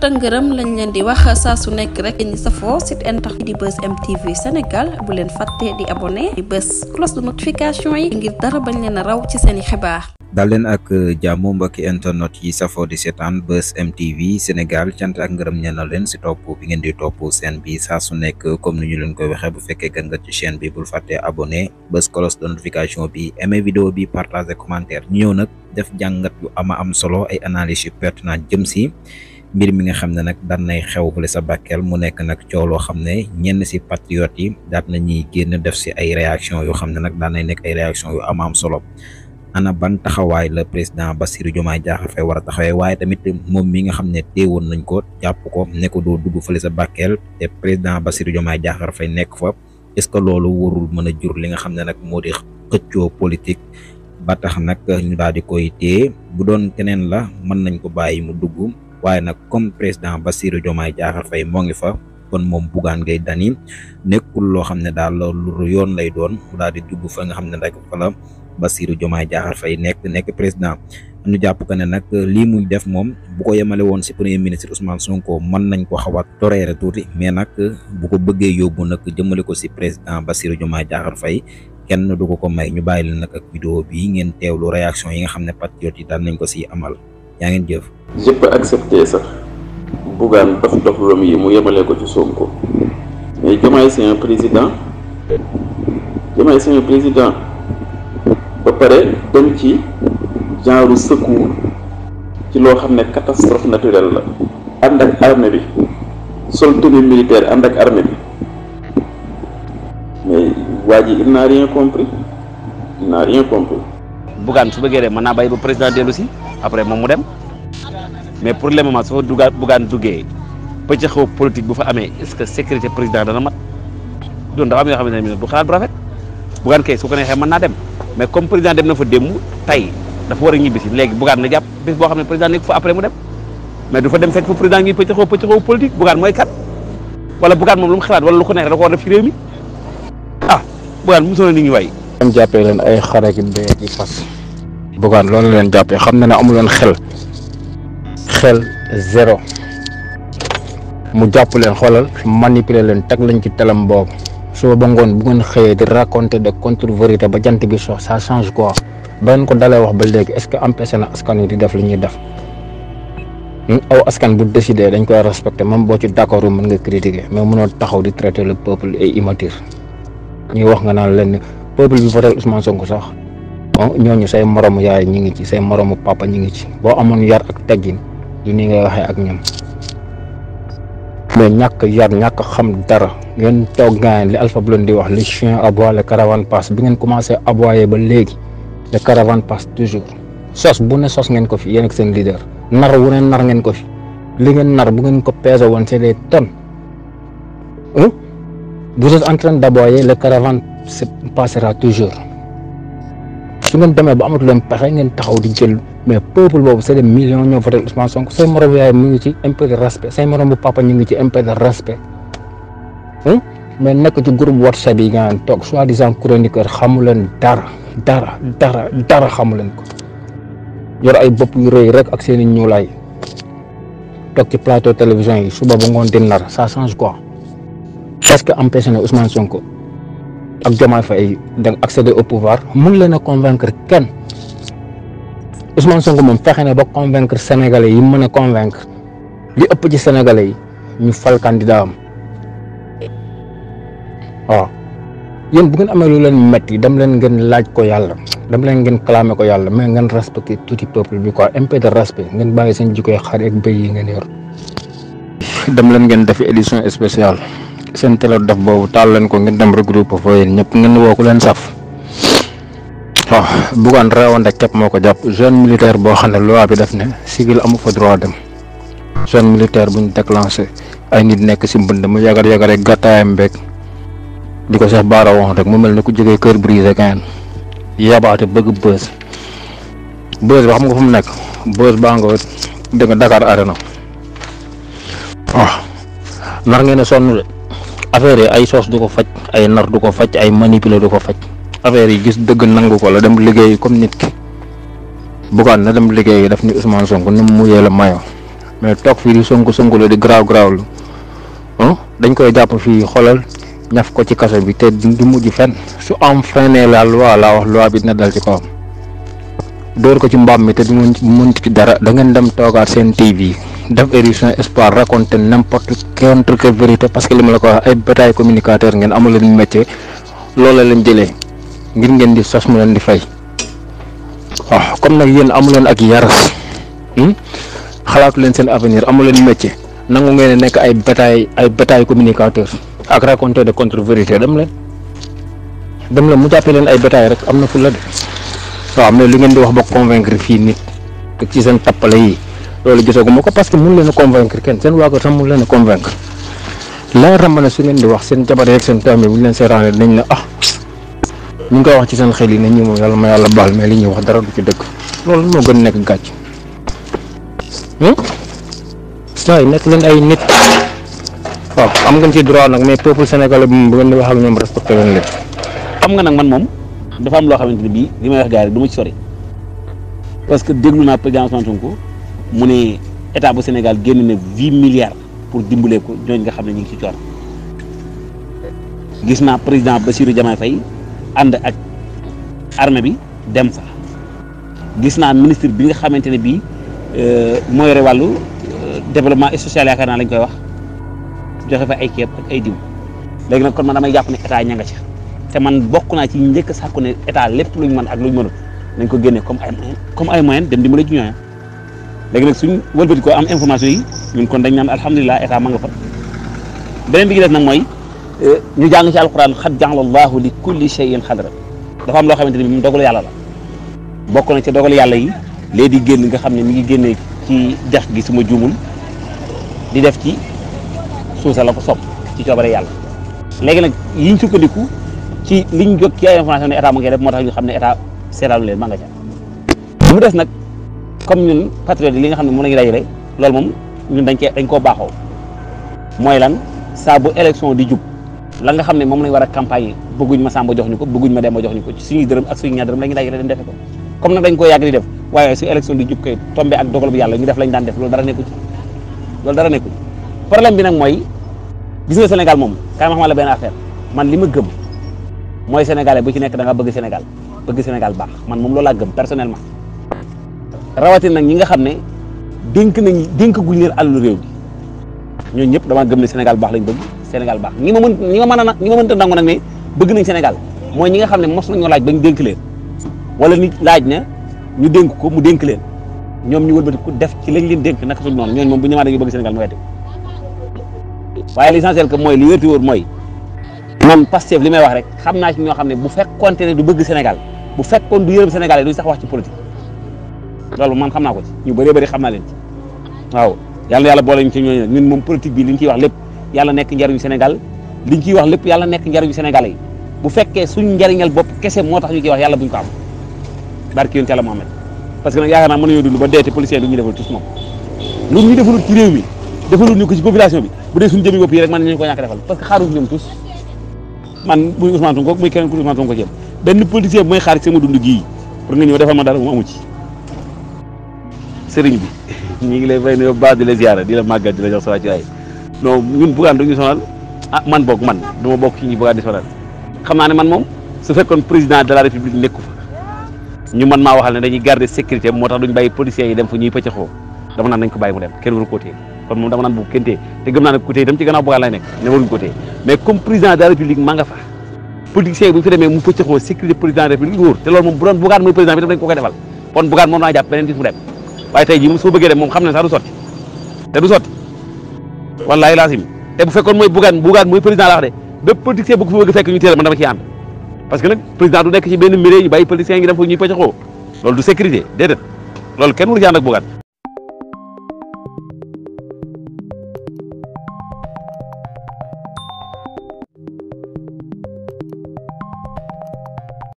tëngërëm lañ ngeen di wax saa su nekk rek ñu safoo site internet di bës MTV Sénégal bu leen fàtte di abonné di bës cloche de notification yi ngir dara bañ leen a raw ci seen i xibaar. daal leen ak jàmm mbokki internet yi safoo di seetaan bës MTV Sénégal cant ak ngërëm ñeen na leen si topp bi ngeen di topp seen bi saa su nekk comme ni ñu leen koy waxee bu fekkee gën nga ci chaîne bi bul fàtte abonné bës cloche de notification bi aimé vidéo bi partagé commentaire ñu ñëw nag def jàngat yu ama am solo ay analyses yu pertinent jëm si. mbir mi nga xamne nak nag nay xew fële sa bakkel mu nek nak coow loo xam ne si patriote yi daan nañuy genn def ci ay réaction yu xamne nak nay nek ay réaction yu am solo ana ban taxaway la président Bassirou Diomaye Diakhar Faye war a taxawee tamit mom mi nga xam ne téewoon nañ ko japp ko ne ko doo dugg fële sa Bakel te président Bassirou Diomaye Diakhar fay nek fa est-ce que warul mën jur li nga xam nak modi xëccio politique ba tax nak ñu daal di koy té bu doon keneen la mën nañ ko bayyi mu dugg waye nak comme président basiru Diomaye Diakhar fay mo ngi fa kon mom Bougane ngay dani nekul lo xamne da daal lu yoon lay doon mu daal di dugg fa nga xamne rek fa la Bassirou Diomaye Diakhar fay nek nek président ñu anu japp ko ne nak li muy def moom bu ko yemale won si premier ministre Ousmane Sonko man nañ ko xawat a touti mais nak bu ko bëggee yóbbu nak jëmele ko ci président Bassirou Diomaye Diakhar Faye kenn du ko ko may ñu bayil nak ak vidéo bi ngeen tewlu réaction yi nga xam patriote yi daan nañ ko ci amal yaa ngeen jëf. je peux accepter sax. Bougane dox dox rom yi mu yemalee ko ci Sonko. mais Diomaye c'est un président. Diomaye c'est un président. ba pare dem ci genre secours ci loo xam ne catastrophe naturel la. ànd ak armée bi. sol tenue militaire ànd ak armée bi. mais waa ji il n'a rien compris il n'a rien compris. Bougane su bëggee de mën naa bàyyi ba président dellu si. après moom mu dem mais pour le moment su fa dugaan buggaan duggee pëccëxoo politique bu fa amee est que sécurité président dana mat doon dafa am yoo ne du xalaat bu rafet buggaan kay su ko neexee mën naa dem mais comme président dem na fa démb tey dafa war a bisi léegi buggaan na jàpp boo xam ne président nekk fa après mu dem mais du fa dem fekk fa président ngi pëccëxoo pëccëxoo buggaan mooy kat wala buggaan moom lu mu xalaat wala lu ko neexee da ko war def ci réew mi ah way am jàppee leen ay xare gi dee gi bukan lo leen jàppee xam na amul amuloon xel xel zéro mu jàpp leen xoolal manipuler leen teg lañ ci telam boobu suba ba ngoon bu ngeen xëyee di raconter de contre-vérité ba jant bi sox ça change quoi ba ngeen ko dalee wax ba léegi est-ce que empêché na askan wi di def li ñuy def hmm? aw askan bu décidé dañ koy respecté même boo ci d'accord mën nga critiquer mais mënoo taxaw di traiter le peuple et immature ñuy wax nga naan leen peuple bi voté Ousmane Sonko sax Oh, ñooñu say morom yaay ñi ngi ci say morom papa ñi ngi ci bo amoon yar ak teggin du ni ngay waxe ak ñam mais ñak yar ñak xam dara ngeen togan gaañ li Alpha blonde di wax le chien aboie le caravane passe bi ngeen commencé aboyer ba légui le caravane passe toujours sos bu ne sos ngeen ko fi yeen ak seen leader nar wu ne nar ngeen ko fi li ngeen nar bu ngeen ko peser won c'est des tonnes hmm? vous êtes en train d'aboyer le caravane passera toujours su ngeen demee ba amatu leen pexe ngeen taxaw di jël mais peuple boobu c'est des millions ñoo voté Ousmane Sonko say morom yaay mu ngi ci impôt de respect say morom bu papa ñu ngi ci impôt de respect hmm? mais nekk ci groupe WhatsApp yi nga toog soi-disant chroniqueur xamu leen dara dara dara dara xamu leen ko yor ay bopp yu rëy rek ak seen i ñuulaay toog ci plateau télévision yi suba ba ngoon di nar ça change quoi parce que empêché na Ousmane ak Diomaye fay da accéder au pouvoir mun leen convaincre ken Ousmane Sonko mom fexe na ba convaincre sénégalais yi mën convaincre li ëpp ci sénégalais yi ñu fal candidat am ah yeen bu ngeen amé lu leen metti dem leen gën laaj ko yalla dem leen gën clamé ko yalla mais ngeen respecté tuuti peuple bi quoi MP de respect gën bàyyi seen jikko xar ak bay yi gën yor. dem leen gën def édition spéciale sen télé daf bobu tal leen ko ngi dem regroupe fo yeen ñep ngi wo ko len saf bu buggoon réewante képp kep moko japp jeune militaire bo xamne loi bi def ne civil amu fa droit dem jeune militaire buñu déclencher ay nit nek ci mbënd mu yagar yagare gàttaayam beeg di ko sax baara wax rek mu melni ku jógee cœur brisé kan yabaate bëgg bës bës ba xam nga fu mu nek bës ba nga dégg nga Dakar arena waaw nar ngeen sonu affaire ay sos du ko faj ay nar du ko faj ay manipuler du ko affaire yi gis deug nangu ko la dem liggéey comme nit ki bugaan na dem liggéey daf ni Ousmane Sonko num mu yee la mayo mais tok fi di Sonko Sonko lo di graw graw lu dañ koy japp fi xolal ñaf ko ci kasso bi te du mujj fenn su enfreiner la loi la wax loi bi na dal ci ko dor ko ci mbam mi te du mën ci dara da ngeen dem togar sen TV def édition espoir raconter n'importe contre que vérité parce que li ma la ko wax ay bataille communicateur ngeen amul leen métier loola leen jëlee ngir ngeen di sos mu leen di fay waaw comme nag yéen amu leen ak yaras hmm? xalaatu leen seen avenir amu leen métier nangu ngeen nekk ay bataille ay bataille communicateur ak raconter de contre vérité dem leen dem leen mu jàppee leen ay bataille rek am na fu la de waaw mais lu ngeen di wax ba convaincre fii nit ci seen tappale yi. lolou gisso ko parce que mun leen convaincre ken sen waa tam sax mun convaincre la na ne su ngeen di wax sen jabar rek sen tammi yi len ñu leen seetaanee ah ñu ngi wax ci sen xel yi ne ñi mo yalla ma yalla bal mais li ñi wax dara du ci dëkk lolou mo gën nek gatch hmm stay nek len ay nit wa ah, am ngeen kan ci droit nak mais peuple sénégalais bi bu ngeen di wax ak ñoom respecté len leen xam kan nga nak man mom dafa am lo xamanteni ne limay wax gaay duma ci sori parce que déglu na président Sonko mu ne état bu Sénégal génn na huit milliards pour dimbalee ko ñooñ nga xam ne ñu ngi ci coor gis naa président Bassirou Diomaye fay ànd ak armée bi dem fa gis naa ministre bi nga xamante ne bii euh, moo yore wàllu euh, développement social yaakaar naa lañ koy wax joxe fa ay ceeb ak ay diw léegi nag kon man damay jàpp ne état ña nga ca te man bokk naa ci njëkk a sàkku ne état lépp luñ mën ak luñ mënut nañ ko génne comme ay moyen comme ay moyen dem dimbale ci ñooña légui nak suñ wëlbati ko am information yi ñun kon dañ naan alhamdullilah état ma nga fa benen bi gi def nak moy eh, ñu jang ci alquran xad jallallahu li kulli shay'in xadra dafa am lo xamanteni ni moom dogalu yàlla la bokku na ci dogal yalla yi lee di génn nga xamni mi ngi génnee ci def gi suma juumul di def ci suusa la ko sopp ci coobare yalla légui nak yiñ sukkandiku ci liñ jokk ci ay information ni état ma nga def motax ñu xamni état seetaalu leen ma nga ca mu dess nak comme ñun patriote li nga xamne ne moom lay lay lool mom ñun dañ ci dañ ko baxo moy lan sa bu election di jup la nga xamne mom lañ wara campagne bëgguñ ma sàmba jox ñuko bëgguñ ma demba jox ñuko ci suñu dërëm ak suñu ñaar dërëm lañ lay lay dem defe ko comme nak dañ ko yagg di def waye su election di jup kay tombé ak dogal bu yalla ñu def lañ daan def lool dara neeku ci lool dara neeku problème bi nak moy gis nga Sénégal mom kay ma xamal la ben affaire man lima gëm moy sénégalais bu ci nekk da nga bëgg Sénégal bëgg Sénégal baax man mom loolu laa gëm personnellement rawatina nag ñi nga xam ne dénk nañ dënk guñ leen àllu réew mi ñooñu ñëpp damaa gëm ne Sénégal baax lañ bëgg Sénégal baax ñi ma mën ñi ma mën a ñi ma mënta nangu nag ne bëgg nañ Sénégal mooy ñi nga xam ne mos nañoo laaj bañ dénk leen wala nit laaj na ñu dénk ko mu dénk ñoom ñu wëlbati ku def ci lañ leen dénk nag suñ noonu ñooñu moom bu ñëmaa dañuy bëgg Sénégal mu waaye l'essentiel que mooy li wérti wóor mooy man Pastef li may wax rek xam naa ci ñoo xam ne bu fekkoonte ne du bëgg Sénégal bu fekkoon du yërëm Sénégal yi sax wax ci politique loolu man xam naa ko ci ñu bëree bëri xam naa leen ci waaw yàlla yàlla boole ñu ci ñooñu ñun moom politique bi li ñu ciy wax lépp yàlla nekk njariñu Sénégal li ñu ciy wax lépp yàlla nekk njariñu Sénégal yi bu fekkee suñu njariñal bopp kese moo tax ñu ciy wax yàlla ko am barki yonent yàlla ko ci population bi bu dee suñu jëmi bopp yi rek mën nañu ko ñàkk defal parce que xaaruñu ñoom tous man muy Ousmane Sonko muy keneen ku Ousmane Sonko jëm benn politicien bu may xaar ci sama dund gii pour nga ñëw defal ma dara mu amu ci sëriñ bi ñu ngi lay fay nuyoo baax di la ziara di la màggal la jox sa wàccu waay non du ñu sonal ah man boog man du ma bokk ci ñi bugaan di sonal xam naa ne man moom su fekkoon président de la république nekku fa ñu man maa waxal ne dañuy garder sécurité moo tax duñ bàyyi policiers yi dem fa ñuy pëccëxoo dama naan nañ ko te gëm naa ne ku téye itam ci de yi bu fi demee mu pëccëxoo sécurité président république loolu moom waaye tey jii soo bëggee dem moom xam ne sax du sotti te du sotti wallaahi laasim te bu fekkoon mooy bugaan bugaan mooy président la wax de bépp politicien bu ko fi bëgg fekk ñu téere man dama ciy ànd parce que nag président du nekk ci benn mbir ñu bàyyi politicien yi dem foog ñuy pëcc xoo loolu du sécurité déedéet loolu kenn waru ci ànd ak bugaan